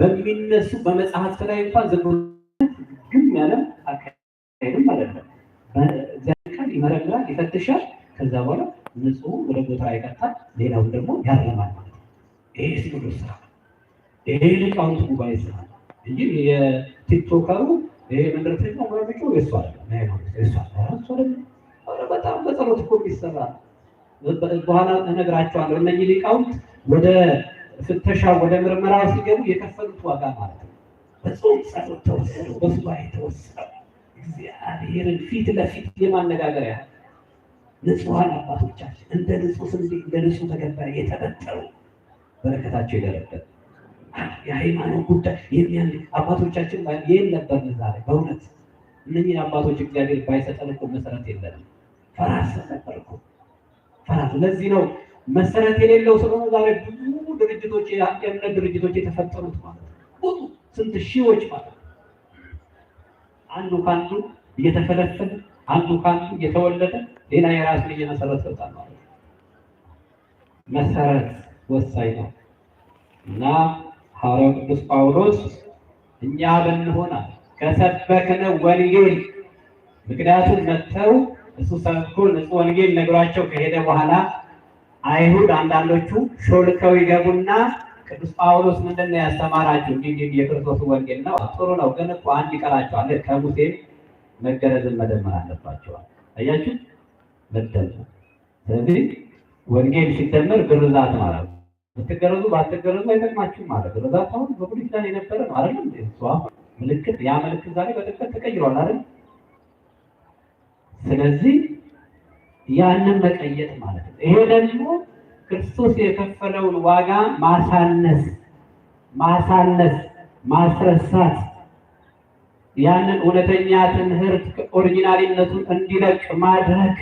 በሚነሱ በመጽሐፍት ላይ እንኳን ዝም ግን ያለ አካሄድም አይደለም። ዚቃል ይመረምራል፣ ይፈትሻል። ከዛ በኋላ ንጹሕ ወደ ቦታ አይቀጣል፣ ሌላውን ደግሞ ያለማል ማለት ነው። ይሄ ሲኖዶስ ስራ፣ ይሄ ሊቃውንት ጉባኤ ስራ እንጂ የቲክቶከሩ ይሄ መድረተኛ ወራሚጮ የሷ በጣም በጸሎት እኮ የሚሰራ በኋላ እነግራቸዋለሁ። እነዚህ ሊቃውንት ወደ ፍተሻ ወደ ምርመራ ሲገቡ የከፈሉት ዋጋ ማለት ነው። በጾም ጸሎት ተወሰነው፣ በሱባኤ ተወሰነው፣ እግዚአብሔርን ፊት ለፊት የማነጋገር ያህል ንጹሐን አባቶቻችን እንደ ንጹህ ስንዴ እንደ ንጹህ ተገበረ የተበጠሩ በረከታቸው የደረበት የሃይማኖት ጉዳይ የሚያ አባቶቻችን ይህን ነበር ዛሬ በእውነት እነኝን አባቶች እግዚአብሔር ባይሰጠን እኮ መሰረት የለንም። ፈራስ ነበር እኮ ፈራስ ለዚህ ነው መሰረት የሌለው ስለሆነ ዛሬ ብዙ ድርጅቶች የእምነት ድርጅቶች የተፈጠሩት ማለት ነው። ብዙ ስንት ሺዎች ማለት ነው። አንዱ ከአንዱ እየተፈለፈለ አንዱ ከአንዱ እየተወለደ ሌላ የራሱን እየመሰረት ሰጣል ማለት ነው። መሰረት ወሳኝ ነው እና ሐዋርያው ቅዱስ ጳውሎስ እኛ ብንሆና ከሰበክነ ወንጌል ምክንያቱም መጥተው እሱ ሰብኮ ንጹሕ ወንጌል ነግሯቸው ከሄደ በኋላ አይሁድ አንዳንዶቹ ሾልከው ይገቡና ቅዱስ ጳውሎስ ምንድን ነው ያስተማራችሁ? እንግዲህ የክርስቶስ ወንጌል ነው፣ ጥሩ ነው፣ ግን እኮ አንድ ይቀራቸዋል። ከሙሴ መገረዝን መደመር አለባቸዋል። አያችሁ መደመር። ስለዚህ ወንጌል ሲደመር ግርዛት ማለት ነው። ብትገረዙ ባትገረዙ አይጠቅማችሁም ማለት ግርዛት። አሁን በብሉይ ኪዳን የነበረ ነው አይደለም? እሷ ምልክት ያ ምልክት ዛሬ በጥቅት ተቀይሯል አይደል? ስለዚህ ያንን መቀየጥ ማለት ነው። ይሄ ደግሞ ክርስቶስ የከፈለውን ዋጋ ማሳነስ፣ ማሳነስ፣ ማስረሳት ያንን እውነተኛ ትምህርት ኦሪጂናሊነቱን እንዲለቅ ማድረግ።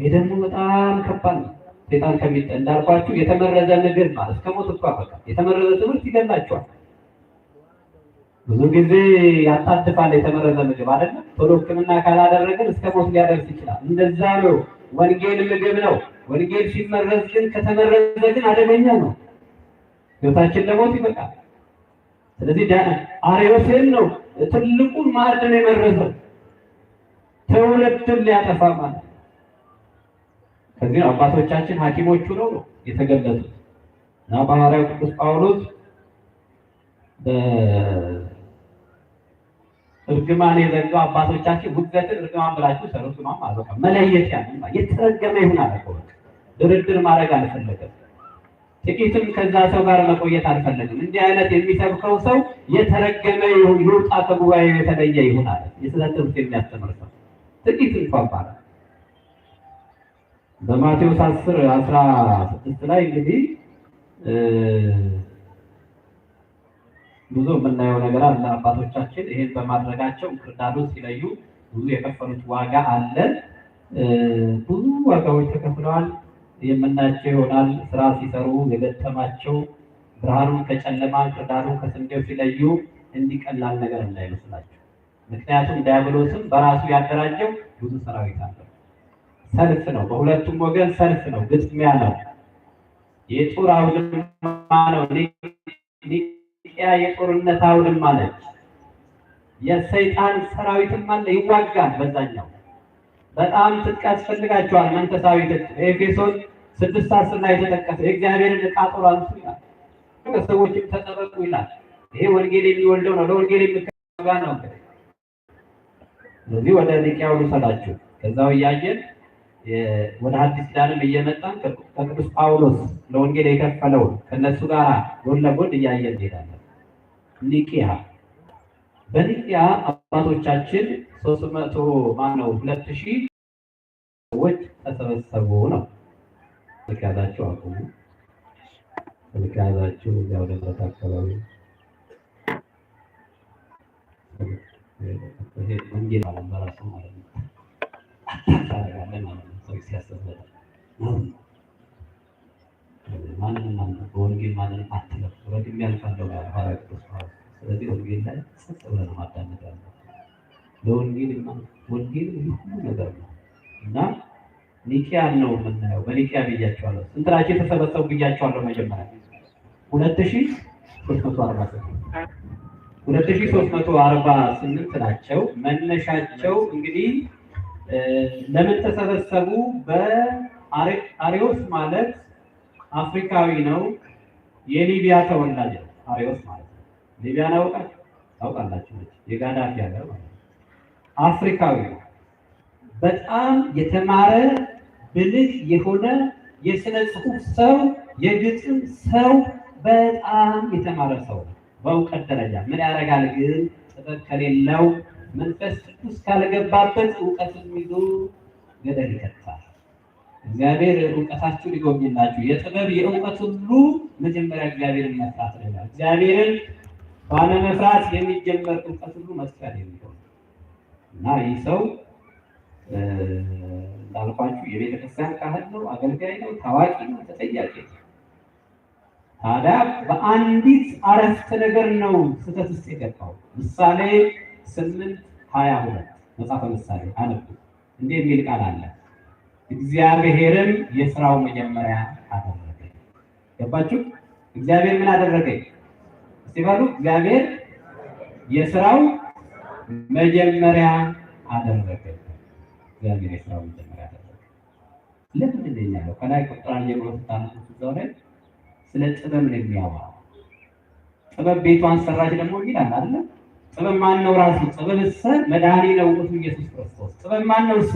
ይሄ ደግሞ በጣም ከባድ ነው። ሴጣን ከሚጠ እንዳልኳችሁ የተመረዘ ምግብ ማለት ከሞት እኮ በቃ የተመረዘ ትምህርት ይገላቸዋል። ብዙ ጊዜ ያሳትፋል የተመረዘ ምግብ አይደለም። ቶሎ ሕክምና ካላደረግን እስከ ሞት ሊያደርስ ይችላል። እንደዛ ነው። ወንጌል ምግብ ነው። ወንጌል ሲመረዝ ግን ከተመረዘ ግን አደገኛ ነው። ሕይወታችን ለሞት ይበቃል። ስለዚህ አርዮስን ነው ትልቁን ማዕድን የመረዘው ትውልድን ሊያጠፋ ማለት ከዚህ አባቶቻችን ሐኪሞቹ ነው ነው የተገለጡት እና ሐዋርያው ቅዱስ ጳውሎስ ውድማኔ የዘጋው አባቶቻችን ውገትን እርግማን ብላችሁ ሰሩትማም ማለት መለየት ያን የተረገመ ይሁን አለ። ድርድር ማድረግ አልፈለገም። ጥቂትም ከዛ ሰው ጋር መቆየት አልፈለግም። እንዲህ አይነት የሚሰብከው ሰው የተረገመ ይሁን ይውጣ፣ ከጉባኤ የተለየ ይሁን አለ። የስለትብት የሚያስተምር ሰው ጥቂት እንኳ ባለ በማቴዎስ አስር አስራ ስድስት ላይ እንግዲህ ብዙ የምናየው ነገር አለ። አባቶቻችን ይሄን በማድረጋቸው እንክርዳዱን ሲለዩ ብዙ የከፈሉት ዋጋ አለ። ብዙ ዋጋዎች ተከፍለዋል። የምናያቸው ይሆናል። ስራ ሲሰሩ የገጠማቸው ብርሃኑን ከጨለማ እንክርዳዱን ከስንዴው ሲለዩ እንዲቀላል ነገር እንዳይመስላቸው። ምክንያቱም ዲያብሎስም በራሱ ያደራጀው ብዙ ሰራዊት አለ። ሰልፍ ነው፣ በሁለቱም ወገን ሰልፍ ነው፣ ግጥሚያ ነው፣ የጦር አውድማ ነው። ኢትዮጵያ የጦርነት አውድም ነች። የሰይጣን ሰራዊትም አለ ይዋጋል። በዛኛው በጣም ትጥቅ ያስፈልጋቸዋል። መንፈሳዊ ትጥቅ ኤፌሶን ስድስት አስር ላይ የተጠቀሰ የእግዚአብሔርን ዕቃ ጦር አንሱ ይላል። ሰዎችም ተጠበቁ ይላል። ይሄ ወንጌል የሚወልደው ነው። ለወንጌል የሚከጋ ነው። ስለዚህ ወደ ኒቅያው ልውሰዳችሁ። ከዛው እያየን ወደ አዲስ ዳንም እየመጣን ከቅዱስ ጳውሎስ ለወንጌል የከፈለውን ከእነሱ ጋር ጎን ለጎን እያየን እንሄዳለን። ኒቅያ በኒቅያ አባቶቻችን ሶስት መቶ ማነው ሁለት ሺህ ሰዎች ተሰበሰቡ ነው። ልካዛቸው አቁሙ። ልካዛቸው እዚያው ደብረት አካባቢ ወንጌል ማለት በራሱ ማለት ነው። አትለፍ ረድም በቤት ቤት ላይ ጸጥ ብለን ማዳመጥ ያለ ለወንጌል ወንጌል ሁሉ ነገር ነው እና ኒቅያን ነው የምናየው። በኒቅያ ብያቸዋለሁ። ስንት ናቸው የተሰበሰቡ ብያቸዋለሁ። መጀመሪያ ሁለት ሺ ሶስት መቶ አርባ ስምንት ሁለት ሺ ሶስት መቶ አርባ ስምንት ናቸው። መነሻቸው እንግዲህ ለምን ተሰበሰቡ? በአሪዎስ ማለት አፍሪካዊ ነው፣ የሊቢያ ተወላጅ ነው። አሪዎስ ማለት ሊቢያን አውቃችሁ ታውቃላችሁ። የጋዳፊ ሀገር ማለት ነው። አፍሪካዊ በጣም የተማረ ብልህ የሆነ የስነ ጽሁፍ ሰው፣ የግጥም ሰው፣ በጣም የተማረ ሰው በእውቀት ደረጃ ምን ያደርጋል ግን ጥበብ ከሌለው መንፈስ ቅዱስ ካልገባበት እውቀትን ይዞ ገደል ይከታል። እግዚአብሔር እውቀታችሁ ሊጎብኝላችሁ የጥበብ የእውቀት ሁሉ መጀመሪያ እግዚአብሔርን መፍራት ነው። እግዚአብሔርን ባለመፍራት የሚጀመር እውቀት ሁሉ መስቀል የሚሆን እና ይህ ሰው እንዳልኳችሁ የቤተክርስቲያን ካህን ነው፣ አገልጋይ ነው፣ ታዋቂ ነው፣ ተጠያቂ ነው። ታዲያ በአንዲት አረፍተ ነገር ነው ስህተት ውስጥ የገባው። ምሳሌ ስምንት ሀያ ሁለት መጽሐፈ ምሳሌ አነብ እንዲህ የሚል ቃል አለ እግዚአብሔርም የስራው መጀመሪያ አደረገ። ገባችሁ? እግዚአብሔር ምን አደረገኝ? ሲበሉ እግዚአብሔር የስራው መጀመሪያ አደረገ። እግዚአብሔር የስራው መጀመሪያ አደረገ። እንደኛ ነው ያለው? ከላይ ቁጥር ጀምሮ ስለሆነ ስለ ጥበብ ነው የሚያወራው። ጥበብ ቤቷን ሰራች ደግሞ ይላል አለ። ጥበብ ማን ነው? ራሱ ጥበብ እሰ መድኃኒ ነው ውእቱ ኢየሱስ ክርስቶስ። ጥበብ ማን ነው? እሱ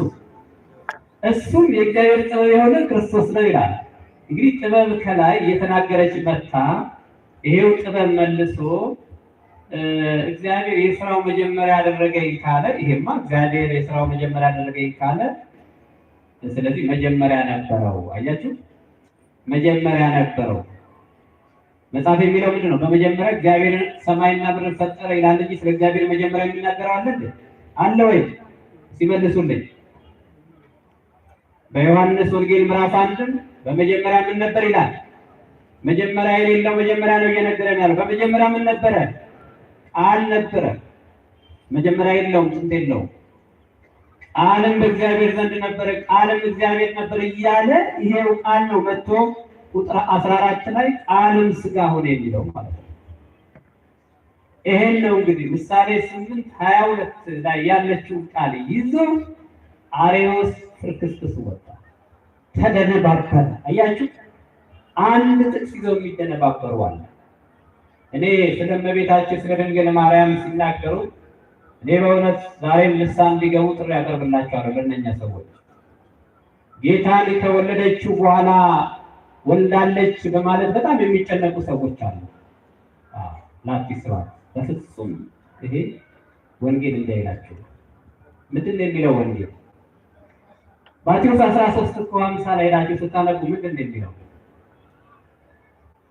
እሱም የእግዚአብሔር ጥበብ የሆነ ክርስቶስ ነው ይላል። እንግዲህ ጥበብ ከላይ እየተናገረች መታ ይሄው ጥበብ መልሶ እግዚአብሔር የስራው መጀመሪያ አደረገኝ ካለ ይሄማ እግዚአብሔር የስራው መጀመሪያ አደረገኝ ካለ፣ ስለዚህ መጀመሪያ ነበረው። አያችሁ፣ መጀመሪያ ነበረው። መጽሐፍ የሚለው ምንድን ነው? በመጀመሪያ እግዚአብሔር ሰማይና ምድር ፈጠረ ይላል እንጂ ስለ እግዚአብሔር መጀመሪያ የሚናገረው አለ አለ ወይ? ሲመልሱልኝ በዮሐንስ ወንጌል ምዕራፍ አንድም በመጀመሪያ ምን ነበር ይላል መጀመሪያ የሌለው መጀመሪያ ነው እየነገረን ያለው። በመጀመሪያ ምን ነበረ? ቃል ነበረ። መጀመሪያ የለውም፣ ጥንት የለውም። ቃልም በእግዚአብሔር ዘንድ ነበረ፣ ቃልም እግዚአብሔር ነበር እያለ ይሄው ቃል ነው መጥቶ ቁጥር አስራ አራት ላይ ቃልም ስጋ ሆነ የሚለው ማለት ነው። ይሄን ነው እንግዲህ ምሳሌ ስምንት ሀያ ሁለት ላይ ያለችውን ቃል ይዞ አሬዎስ ፍርክስክስ ወጣ፣ ተደነባበረ። አያችሁ አንድ ጥቅስ ይዘው የሚደነባበሩ አለ። እኔ ስለ እመቤታችን ስለ ድንግል ማርያም ሲናገሩ እኔ በእውነት ዛሬም ልሳ እንዲገቡ ጥሪ ያቀርብላቸዋለሁ። ለእነኛ ሰዎች ጌታን ከወለደችው በኋላ ወልዳለች በማለት በጣም የሚጨነቁ ሰዎች አሉ። ላኪስ ስራ በፍጹም ይሄ ወንጌል እንዳይላቸው ምንድን የሚለው ወንጌል ማቴዎስ አስራ ሶስት እኮ 50 ላይ ሄዳችሁ ስታነቁ ምንድን የሚለው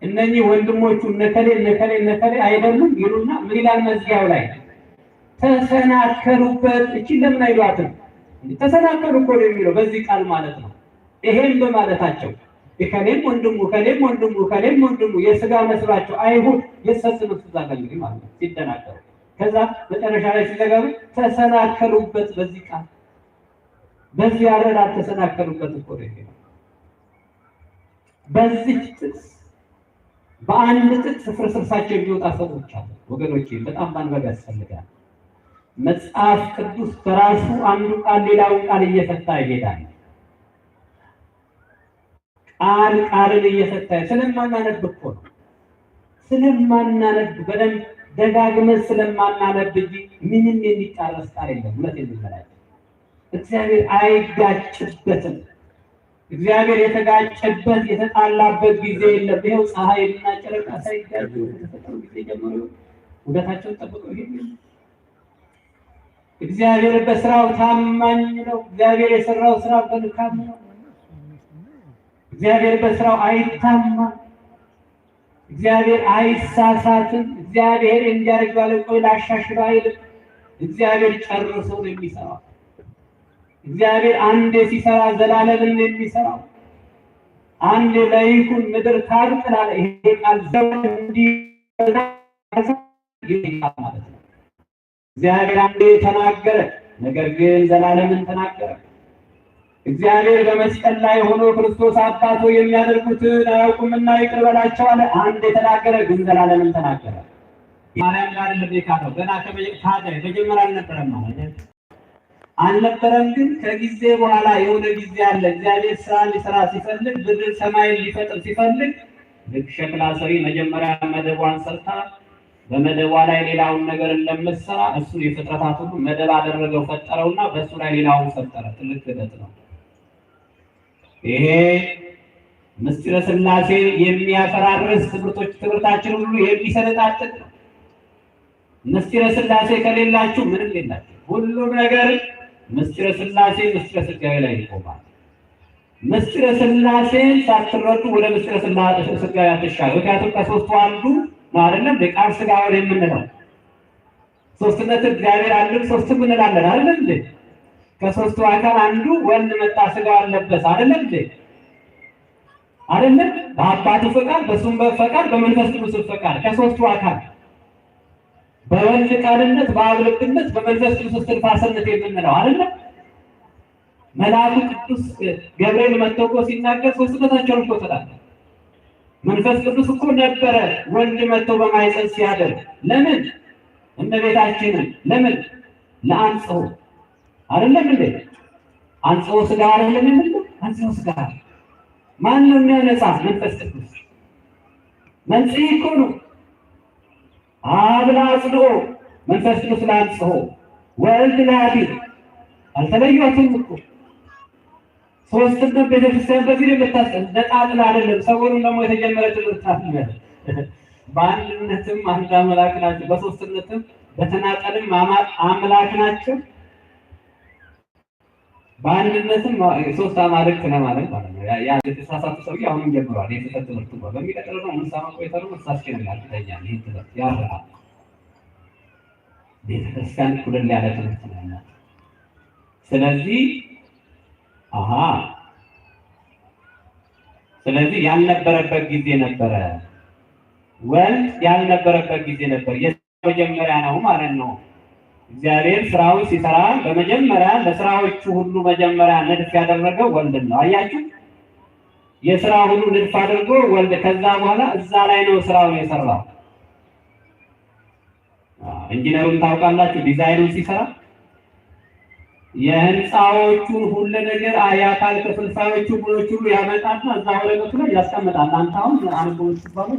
እነኚህ ወንድሞቹ ነከሌ ነከሌ ነከሌ አይደሉም ይሉና ምን ይላል መዝጊያው ላይ ተሰናከሉበት። እቺ ለምን አይሏትም? ተሰናከሉ እኮ ነው የሚለው በዚህ ቃል ማለት ነው። ይሄም በማለታቸው ከሌም ወንድሙ ከሌም ወንድሙ ከሌም ወንድሙ የስጋ መስሏቸው አይሁድ የተሰስሉት ዛጋ እንግዲህ ማለት ነው ሲደናገሩ ከዛ መጨረሻ ላይ ሲዘጋቡ ተሰናከሉበት። በዚህ ቃል በዚህ አረዳድ ተሰናከሉበት እኮ ነው። የሚለው በዚህ ጥቅስ በአንድ ጥጥ ፍርስርሳቸው የሚወጣ ሰዎች አሉ። ወገኖቼ በጣም ማንበብ ያስፈልጋል። መጽሐፍ ቅዱስ በራሱ አንዱ ቃል ሌላውን ቃል እየፈታ ይሄዳል። ቃል ቃልን እየፈታ ስለማናነብ እኮ ነው። ስለማናነብ በደንብ ደጋግመን ስለማናነብ እንጂ ምንም የሚጣረስ ቃል የለም። እውነት የሚመላቸው እግዚአብሔር አይጋጭበትም። እግዚአብሔር የተጋጨበት የተጣላበት ጊዜ የለም። ይኸው ፀሐይና ጨረቃ ሳይጋጩ ከተፈጠሩ ጊዜ ጀምሮ ውደታቸውን ጠብቀው ይሄ እግዚአብሔር በስራው ታማኝ ነው። እግዚአብሔር የሰራው ስራ መልካም ነው። እግዚአብሔር በስራው አይታማ። እግዚአብሔር አይሳሳትም። እግዚአብሔር እንዲያደርግ ባለ ቆይ ላሻሽሉ አይልም። እግዚአብሔር ጨርሶ ነው የሚሰራው። እግዚአብሔር አንዴ ሲሰራ ዘላለምን የሚሰራው አንዴ ለይኩን ምድር ታድላ ይሄ ቃል ማለት ነው። እግዚአብሔር አንዴ ተናገረ፣ ነገር ግን ዘላለምን ተናገረ። እግዚአብሔር በመስቀል ላይ ሆኖ ክርስቶስ አባቶ የሚያደርጉትን አያውቁምና ይቅር በላቸው አለ። አንዴ ተናገረ፣ ግን ዘላለምን ተናገረ። ማርያም ጋር ልቤ ካለው ገና ከመጀመሪያ አልነበረም ማለት አልነበረም። ግን ከጊዜ በኋላ የሆነ ጊዜ አለ። እግዚአብሔር ስራ ሊሰራ ሲፈልግ፣ ብድር ሰማይን ሊፈጥር ሲፈልግ ልክ ሸክላ ሰሪ መጀመሪያ መደቧን ሰርታ በመደቧ ላይ ሌላውን ነገር እንደምትሰራ እሱ የፍጥረታት ሁሉ መደብ አደረገው ፈጠረውና በእሱ ላይ ሌላውን ፈጠረ። ትልቅ ሂደት ነው ይሄ። ምስጢረ ሥላሴ የሚያፈራርስ ትምህርቶች ትምህርታችን ሁሉ የሚሰነጣጥቅ ነው። ምስጢረ ስላሴ ከሌላችሁ ምንም የላችሁ ሁሉም ነገር ምስጢረ ስላሴ ምስጢረ ሥጋዌ ላይ ይቆማል። ምስጢረ ሥላሴን ሳትረዱ ወደ ምስጢረ ሥጋዌ አትሻገሩ። ምክንያቱም ከሶስቱ አንዱ ነው አይደለም ቃል ሥጋ ወደ የምንለው ሶስትነት እግዚአብሔር አንድም ሶስትም እንላለን አይደለም እንዴ? ከሶስቱ አካል አንዱ ወልድ መጣ ሥጋ አለበሰ አይደለም እንዴ? አይደለም በአባቱ ፈቃድ፣ በሱም ፈቃድ፣ በመንፈስ ቅዱስ ፈቃድ ከሶስቱ አካል በወልድ ቃልነት በአብ ልብነት በመንፈስ ቅዱስ ትንፋስነት የምንለው አይደለ? መልአኩ ቅዱስ ገብርኤል መጥቶ እኮ ሲናገር ሦስትነታቸውን እኮ ተላለ። መንፈስ ቅዱስ እኮ ነበረ ወልድ መጥቶ በማይፀን ሲያደርግ ለምን እመቤታችንን ለምን ለአንጽሆ አይደለም እንዴ? አንጽሆ ስጋ አይደለም እንዴ? አንጽሆ ስጋ ማን ነው የሚያነጻ? መንፈስ ቅዱስ መንጽሔ እኮ ነው። አብ ለአጽንኦ መንፈስ ቅዱስ ለአንጽሖ ወልድ ለአቢብ አልተለዩትም እኮ ሶስትነት ቤተክርስቲያን ነጣጥል አይደለም። ሰሞኑን ደግሞ የተጀመረ ትምህርት አለ። በአንድነትም አንድ አምላክ ናቸው፣ በሶስትነትም በተናጠልም አምላክ ናቸው። በአንድነትም ሶስት አማልክት ነው ማለት ማለት ነው። ያ የተሳሳቱ ሰው አሁንም ጀምሯል። የተፈት ትምህርት ነው በሚቀጥለው ነው ምን ሳማ ቆይታ ነው መሳስኪን ያልተኛ ይህ ትምህርት ያራ ቤተክርስቲያን ኩልል ያለ ትምህርት ነው ያላት። ስለዚህ አሀ ስለዚህ ያልነበረበት ጊዜ ነበረ፣ ወልድ ያልነበረበት ጊዜ ነበር። የመጀመሪያ ነው ማለት ነው። እግዚአብሔር ስራውን ሲሰራ በመጀመሪያ ለስራዎቹ ሁሉ መጀመሪያ ንድፍ ያደረገው ወልድን ነው። አያችሁ፣ የስራ ሁሉ ንድፍ አድርጎ ወልድ፣ ከዛ በኋላ እዛ ላይ ነው ስራውን የሰራው። ኢንጂነሩን ታውቃላችሁ፣ ዲዛይኑን ሲሰራ የህንፃዎቹን ሁሉ ነገር አያታል ክፍልፋዮቹ ሁሉ ያመጣና እዛ ወረቀቱ ላይ ያስቀምጣል። አንተ አሁን አንቦ ሲባሉ